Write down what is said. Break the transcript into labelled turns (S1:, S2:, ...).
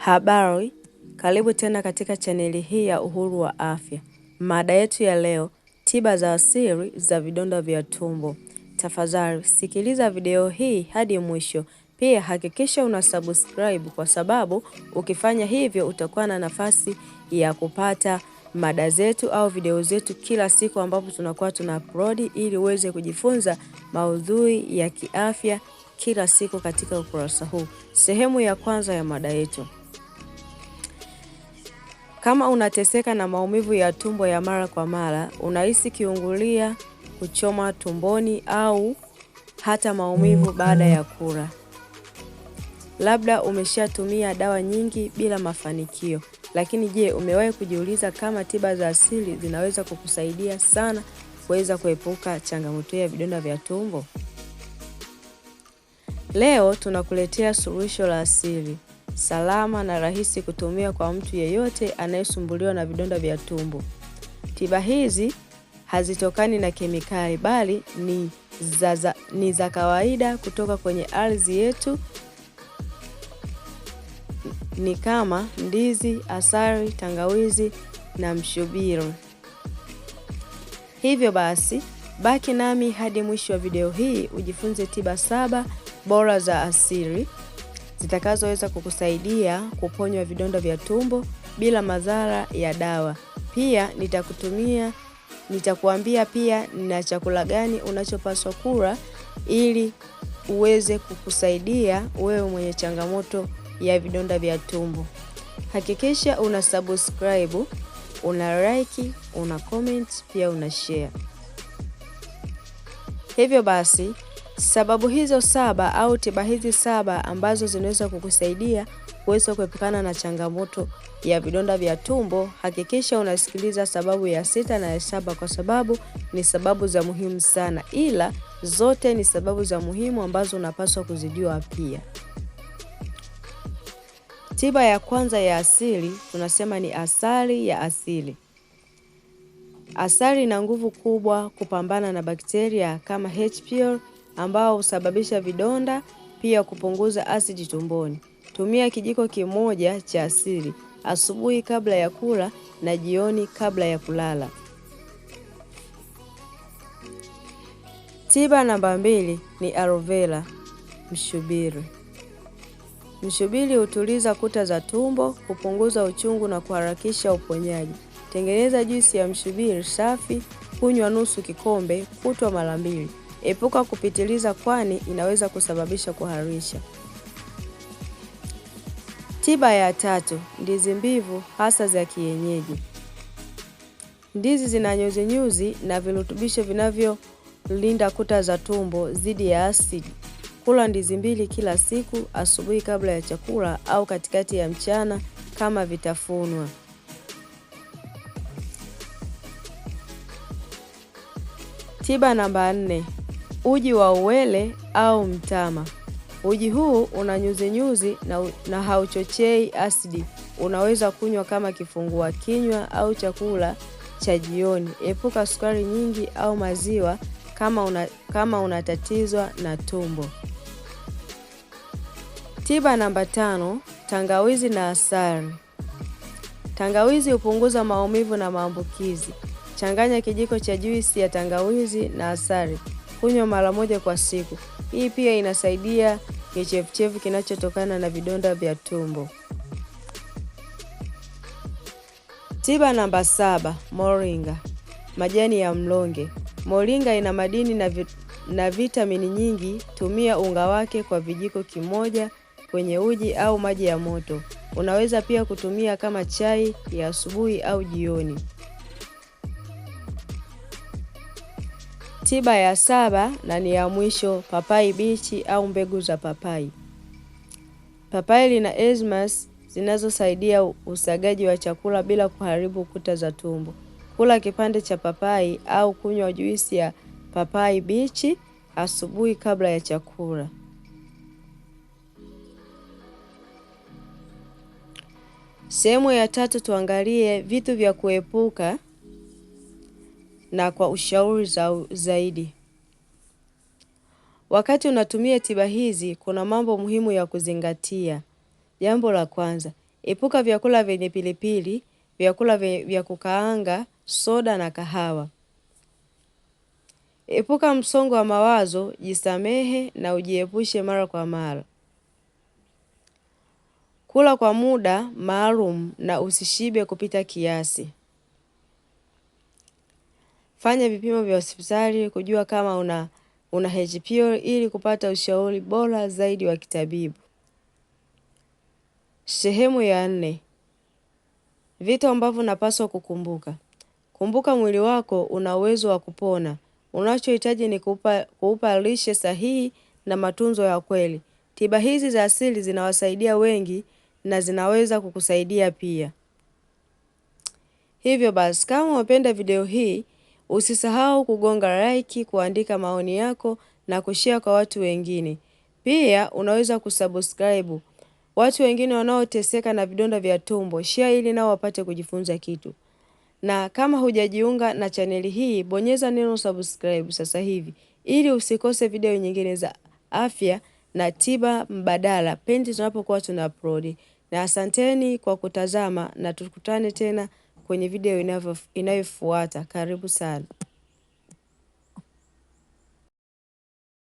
S1: Habari, karibu tena katika chaneli hii ya Uhuru wa Afya. Mada yetu ya leo, tiba za asili za vidonda vya tumbo. Tafadhali sikiliza video hii hadi mwisho. Pia hakikisha una subscribe kwa sababu ukifanya hivyo utakuwa na nafasi ya kupata mada zetu au video zetu kila siku ambapo tunakuwa tuna upload ili uweze kujifunza maudhui ya kiafya kila siku katika ukurasa huu. Sehemu ya kwanza ya mada yetu. Kama unateseka na maumivu ya tumbo ya mara kwa mara, unahisi kiungulia, kuchoma tumboni au hata maumivu baada ya kula, labda umeshatumia dawa nyingi bila mafanikio. Lakini je, umewahi kujiuliza kama tiba za asili zinaweza kukusaidia sana kuweza kuepuka changamoto ya vidonda vya tumbo? Leo tunakuletea suluhisho la asili salama na rahisi kutumia kwa mtu yeyote anayesumbuliwa na vidonda vya tumbo. Tiba hizi hazitokani na kemikali bali ni za, ni za kawaida kutoka kwenye ardhi yetu. Ni kama ndizi, asali, tangawizi na mshubiri. Hivyo basi, baki nami hadi mwisho wa video hii ujifunze tiba saba bora za asili zitakazoweza kukusaidia kuponywa vidonda vya tumbo bila madhara ya dawa. Pia nitakutumia nitakuambia pia na chakula gani unachopaswa kula ili uweze kukusaidia wewe mwenye changamoto ya vidonda vya tumbo. Hakikisha una subscribe, una like, una comment, pia una share. Hivyo basi Sababu hizo saba au tiba hizi saba ambazo zinaweza kukusaidia kuweza kuepukana na changamoto ya vidonda vya tumbo, hakikisha unasikiliza sababu ya sita na ya saba kwa sababu ni sababu za muhimu sana, ila zote ni sababu za muhimu ambazo unapaswa kuzijua pia. Tiba ya kwanza ya asili tunasema ni asali ya asili. Asali ina nguvu kubwa kupambana na bakteria kama H. pylori ambao husababisha vidonda, pia kupunguza asidi tumboni. Tumia kijiko kimoja cha asili asubuhi kabla ya kula na jioni kabla ya kulala. Tiba namba mbili ni aloe vera mshubiri. Mshubiri hutuliza kuta za tumbo, hupunguza uchungu na kuharakisha uponyaji. Tengeneza juisi ya mshubiri safi, kunywa nusu kikombe kutwa mara mbili. Epuka kupitiliza, kwani inaweza kusababisha kuharisha. Tiba ya tatu: ndizi mbivu, hasa za kienyeji. Ndizi zina nyuzi na virutubisho vinavyolinda kuta za tumbo dhidi ya asidi. Kula ndizi mbili kila siku, asubuhi kabla ya chakula au katikati ya mchana kama vitafunwa. Tiba namba nne: uji wa uwele au mtama. Uji huu una nyuzi na, na hauchochei asidi. Unaweza kunywa kama kifungua kinywa au chakula cha jioni. Epuka sukari nyingi au maziwa kama una, kama unatatizwa na tumbo. Tiba namba tano: tangawizi na asali. Tangawizi hupunguza maumivu na maambukizi. Changanya kijiko cha juisi ya tangawizi na asali kunywa mara moja kwa siku. Hii pia inasaidia kichefuchefu kinachotokana na vidonda vya tumbo. Tiba namba saba: moringa, majani ya mlonge. Moringa ina madini na, vit na vitamini nyingi. Tumia unga wake kwa vijiko kimoja kwenye uji au maji ya moto. Unaweza pia kutumia kama chai ya asubuhi au jioni. Tiba ya saba na ni ya mwisho: papai bichi au mbegu za papai. Papai lina esmas zinazosaidia usagaji wa chakula bila kuharibu kuta za tumbo. Kula kipande cha papai au kunywa juisi ya papai bichi asubuhi kabla ya chakula. Sehemu ya tatu tuangalie vitu vya kuepuka na kwa ushauri za zaidi. Wakati unatumia tiba hizi, kuna mambo muhimu ya kuzingatia. Jambo la kwanza, epuka vyakula vyenye pilipili, vyakula vya kukaanga, soda na kahawa. Epuka msongo wa mawazo, jisamehe na ujiepushe mara kwa mara. Kula kwa muda maalum na usishibe kupita kiasi. Fanya vipimo vya hospitali kujua kama una, una HPO ili kupata ushauri bora zaidi wa kitabibu. Sehemu ya nne: vitu ambavyo unapaswa kukumbuka. Kumbuka mwili wako una uwezo wa kupona. Unachohitaji ni kuupa kuupa lishe sahihi na matunzo ya kweli. Tiba hizi za asili zinawasaidia wengi na zinaweza kukusaidia pia. Hivyo basi, kama umependa video hii Usisahau kugonga like, kuandika maoni yako na kushare kwa watu wengine. Pia unaweza kusubscribe. Watu wengine wanaoteseka na vidonda vya tumbo, share ili nao wapate kujifunza kitu. Na kama hujajiunga na chaneli hii, bonyeza neno subscribe sasa hivi ili usikose video nyingine za afya na tiba mbadala pindi tunapokuwa tuna upload. Na asanteni kwa kutazama na tukutane tena kwenye video inayofuata. Karibu sana.